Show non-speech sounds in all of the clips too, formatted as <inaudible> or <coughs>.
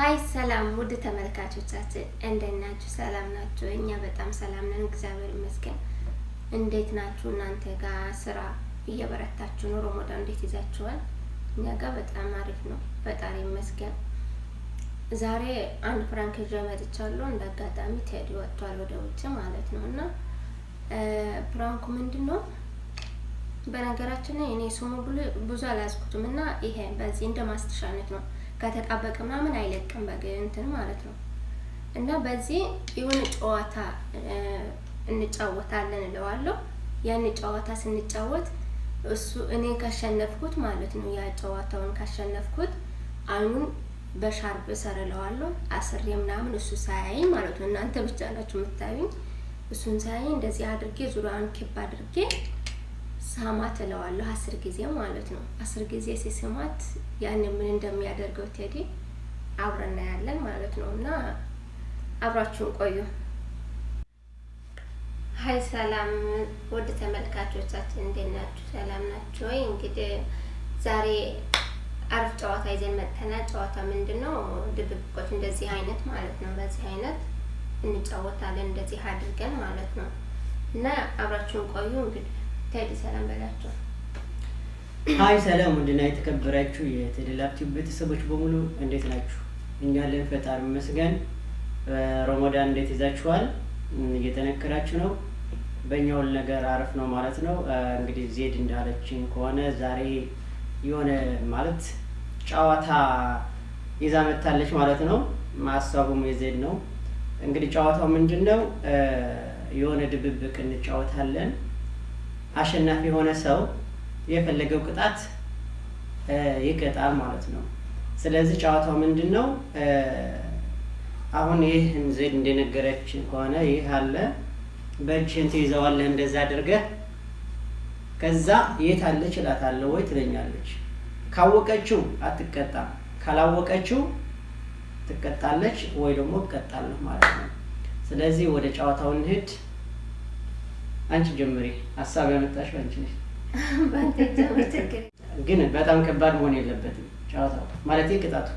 ሀይ ሰላም ውድ ተመልካቾቻችን እንዴት ናችሁ? ሰላም ናችሁ? እኛ በጣም ሰላም ነን፣ እግዚአብሔር ይመስገን። እንዴት ናችሁ? እናንተ ጋር ስራ እየበረታችሁ ነው? ሮሞዳን እንዴት ይዛችኋል? እኛ ጋር በጣም አሪፍ ነው፣ ፈጣሪ ይመስገን። ዛሬ አንድ ፍራንክ ይዤ መጥቻለሁ። እንደ አጋጣሚ ቴዲ ወጥቷል ወደ ውጭ ማለት ነው። እና ፕራንኩ ምንድን ነው? በነገራችን እኔ ስሙ ብዙ አልያዝኩትም እና ይሄ በዚህ እንደ ማስተሻነት ነው ከተጣበቀ ምናምን አይለቅም በእንትን ማለት ነው። እና በዚህ የሆነ ጨዋታ እንጫወታለን እለዋለሁ። ያን ጨዋታ ስንጫወት እሱ እኔ ካሸነፍኩት ማለት ነው ያ ጨዋታውን ካሸነፍኩት አይኑን ሰር እሰርለዋለሁ አስሬ ምናምን እሱ ሳያይኝ ማለት ነው። እናንተ ብቻ ናችሁ የምታዩኝ። እሱን ሳያይኝ እንደዚህ አድርጌ ዙሪያውን ኬፕ አድርጌ ሳማት እለዋለሁ አስር ጊዜ ማለት ነው። አስር ጊዜ ሲስማት ያን ምን እንደሚያደርገው ቴዲ አብረን እናያለን ማለት ነው። እና አብራችሁን ቆዩ። ሀይ ሰላም ውድ ተመልካቾቻችን እንዴት ናችሁ? ሰላም ናችሁ ወይ? እንግዲህ ዛሬ አሪፍ ጨዋታ ይዘን መጥተናል። ጨዋታ ምንድን ነው? ድብብቆች እንደዚህ አይነት ማለት ነው። በዚህ አይነት እንጫወታለን እንደዚህ አድርገን ማለት ነው። እና አብራችሁን ቆዩ እንግዲህ ቴዲ ሰላም በላቸው። ሀይ ሰላም ወንድና የተከበራችሁ የቴዲ ላፕቲቭ ቤተሰቦች በሙሉ እንዴት ናችሁ? እኛለን ፈጣሪ ይመስገን። ሮሞዳን እንዴት ይዛችኋል? እየተነከራችሁ ነው። በእኛ ሁል ነገር አረፍ ነው ማለት ነው። እንግዲህ ዜድ እንዳለችን ከሆነ ዛሬ የሆነ ማለት ጨዋታ ይዛ መታለች ማለት ነው። ሀሳቡም የዜድ ነው። እንግዲህ ጨዋታው ምንድን ነው? የሆነ ድብብቅ እንጫወታለን አሸናፊ የሆነ ሰው የፈለገው ቅጣት ይቀጣል ማለት ነው። ስለዚህ ጨዋታው ምንድን ነው? አሁን ይህ ዜድ እንደነገረች ከሆነ ይህ አለ በእጅህን ትይዘዋለህ እንደዛ አድርገህ ከዛ የት አለች እላታለሁ ወይ ትለኛለች። ካወቀችው አትቀጣም፣ ካላወቀችው ትቀጣለች ወይ ደግሞ እቀጣለሁ ማለት ነው። ስለዚህ ወደ ጨዋታው እንሂድ። አንቺ ጀምሪ። ሀሳብ ያመጣሽ አንቺ ነሽ። ግን በጣም ከባድ መሆን የለበትም ጨዋታው ማለት ቅጣቱ።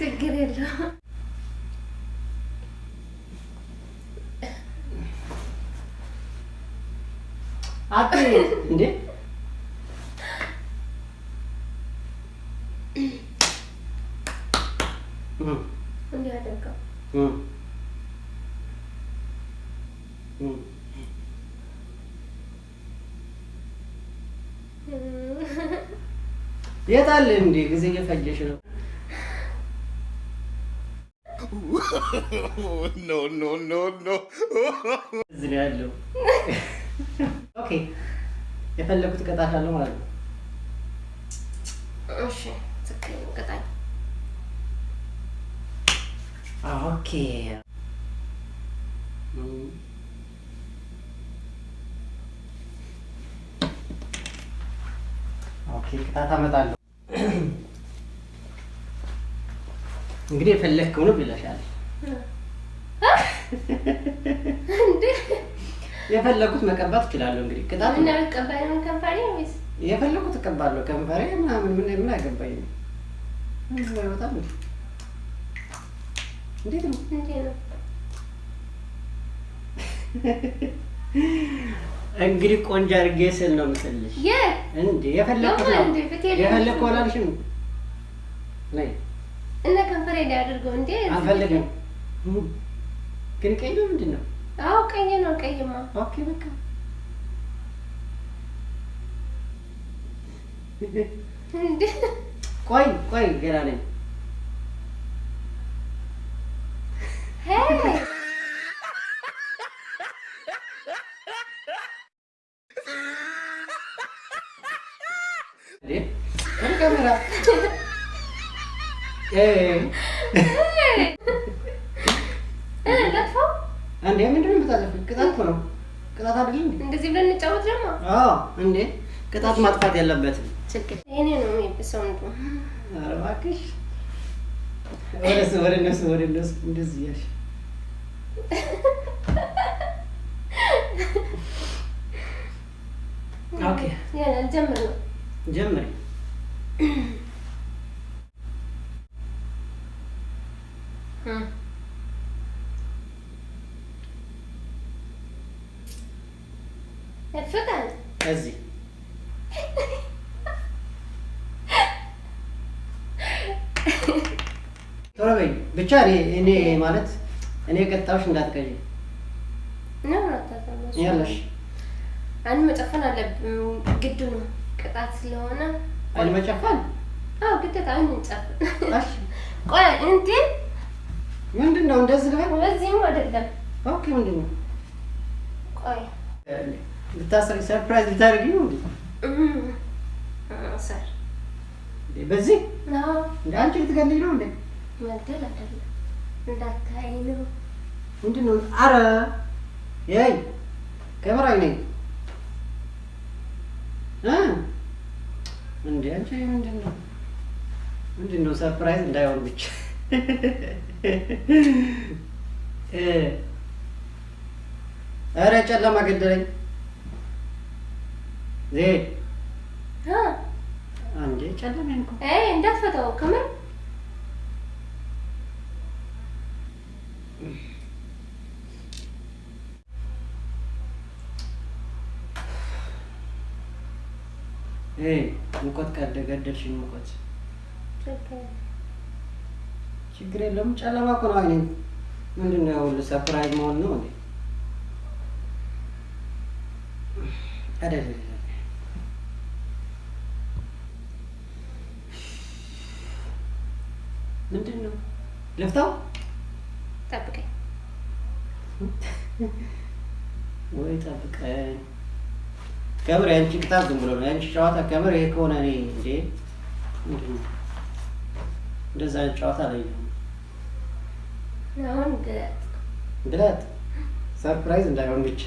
ችግር የለውም። አት እንዴ እንዲያደርገው የታለ እንዴ? ጊዜ እየፈጀሽ ነው። ኖ ኖ ኖ ኖ እዚህ ነው ያለው። ኦኬ የፈለኩት ቅጣት ማለት ነው። እሺ ትክክል ኦኬ ኦኬ ቅጣት አመጣለሁ። <clears throat> እንግዲህ የፈለግከው ነው ብለሻል። የፈለጉት መቀባት ይችላሉ። እንግዲህ ቅጣት የፈለጉት እቀባለሁ። ከንፈሬ ምናምን ምን ምን አገባኝ በጣም እንዴት ነው? እንግዲህ ቆንጆ አድርጌ ስል ነው ምስልሽ እንዴ የፈለኩት ነው የፈለኩት አላልሽም። ነይ እና ከንፈሬ ላይ አድርገው። እንዴ አልፈለግም ግን ቀይ ነው ምንድን ነው? አዎ ቀይ ነው። ቀይማ ኦኬ በቃ ቆይ ቆይ ገና ነኝ እንዴ ምንድን ነው የምታጠፊው? ቅጣት እኮ ነው። ቅጣት አይደል? እንደዚህ ብለን እንጫወት ደግሞ። አዎ እንዴ ቅጣት ማጥፋት የለበትም። እኔ ነው የሰው ኧረ እባክሽ ወደ እነሱ ወደ እነሱ እንደዚህ እያልሽ ጀምር ነው ጀምሪ ያፈቃል hmm. እዚህ ቶሎ በይ ብቻ። እኔ ማለት እኔ ቀጣዮች እንዳትቀይ ያለሽ አንድ መጨፈን አለብን። ግድ ነው ቅጣት ስለሆነ አንድ መጨፈን ግዴታ አንድ እንጨፍን። ቆይ እንትን ምንድን ነው እንደዚህ ልበል? በዚህም አይደለም። ኦኬ፣ ምንድን ነው? ቆይ ሰርፕራይዝ ልታደርጊ ነው እንዴ? በዚህ እንደ አንቺ ልትገልኝ ነው አይደለም እንዳታይ ነው። ምንድን ነው? አረ ነኝ እንዴ? አንቺ ምንድን ነው ምንድን ነው ሰርፕራይዝ እንዳይሆን ብቻ <laughs> ኧረ ጨለማ ገደለኝ። ዜድ አንዴ ጨለመኝ እኮ እንዳትፈታው ከምር ሙቀት ቀደ ገደልሽኝ ሙቀት ችግር የለም። ጨለማ እኮ ነው። አይኔ ምንድን ነው ሰፕራይዝ መሆን ነው እንዴ? አይደል ምንድን ነው ለፍታው ጠብቀኝ <laughs> ወይ ጠብቀኝ። ከምር ያንቺ ቅጣት ዝም ብሎ ነው ያንቺ ጨዋታ። ከምር ይሄ ከሆነ እኔ እንዴ እንደዛ ጨዋታ ላይ ነው ግለጥ ሰርፕራይዝ እንዳይሆን ብቻ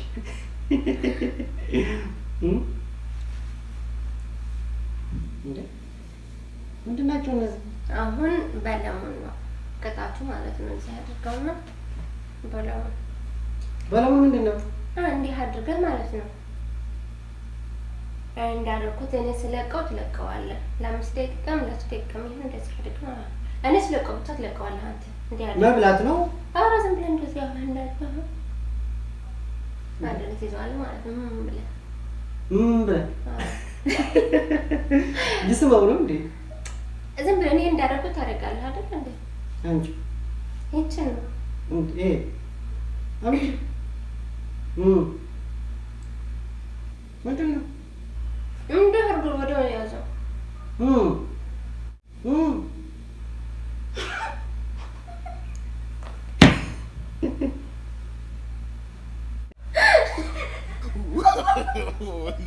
ምንድን ናቸው እነዚህ? አሁን በለሙን ነው ቅጣቱ ማለት ነው። እዚህ አድርገው አድርገውና በለሙን በለሙን ምንድን ነው እንዲህ አድርገህ ማለት ነው እንዳደረኩት እኔ ስለቀው ትለቀዋለህ። ለአምስት ደቂቃም ለሶስት ደቂቃም ይሁን እንደዚህ አድርገህ እኔ ስለቀው ብቻ ትለቀዋለህ አንተ መብላት ነው። ኧረ ዝም ብለህ እንደዚህ ማለት ነው እንዴ? ዝም ብለህ እኔ እንዳደረኩት ታደርጋለህ አይደል እንዴ? አንቺ እቺ ነው እንዴ? ምንድን ነው እንደ እርዱ ወዲያው የያዘው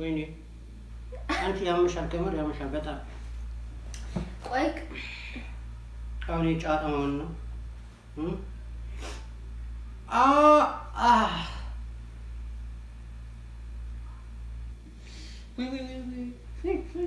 ወይኔ አንቺ ያመሻል፣ ከምር ያመሻል በጣም ቆይ። አሁን የጨዋታ መሆን ነው። ወይ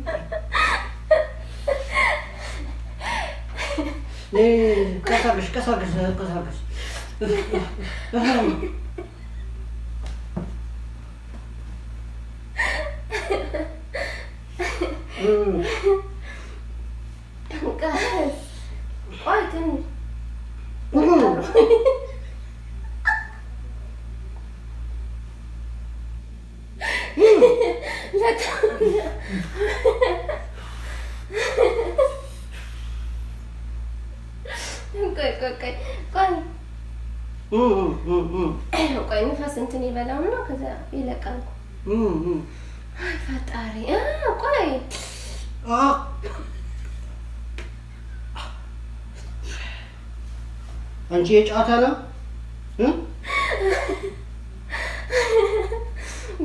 Ee, kasabış, kasabış, kasabış. Hmm. <coughs> ቆይ ንፋስ እንትን ይበላውና ከዛ ይለቃል። ፈጣሪ ቆይ አንቺ የጫታ ነው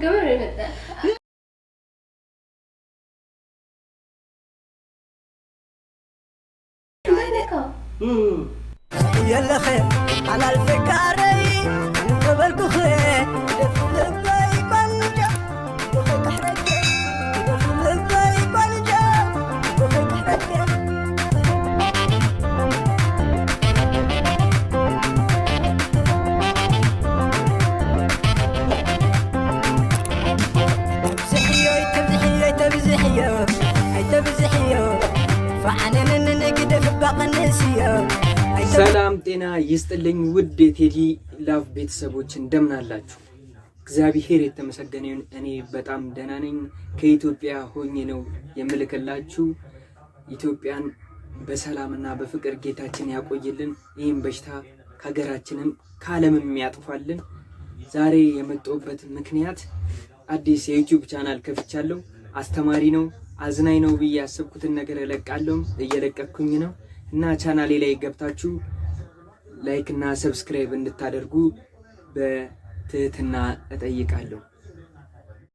ግብር ይመጣል። Y el eje, al pecar ahí, nunca ver tu ሰላም ጤና ይስጥልኝ ውድ የቴዲ ላቭ ቤተሰቦች እንደምን አላችሁ? እግዚአብሔር የተመሰገነ ይሁን። እኔ በጣም ደህና ነኝ። ከኢትዮጵያ ሆኜ ነው የምልክላችሁ። ኢትዮጵያን በሰላምና በፍቅር ጌታችን ያቆይልን። ይህም በሽታ ከሀገራችንም ከዓለምም ያጥፋልን። ዛሬ የመጣሁበት ምክንያት አዲስ የዩቲዩብ ቻናል ከፍቻለሁ። አስተማሪ ነው አዝናኝ ነው ብዬ ያሰብኩትን ነገር እለቃለሁ፣ እየለቀኩኝ ነው እና ቻናሌ ላይ ገብታችሁ ላይክ እና ሰብስክራይብ እንድታደርጉ በትህትና እጠይቃለሁ።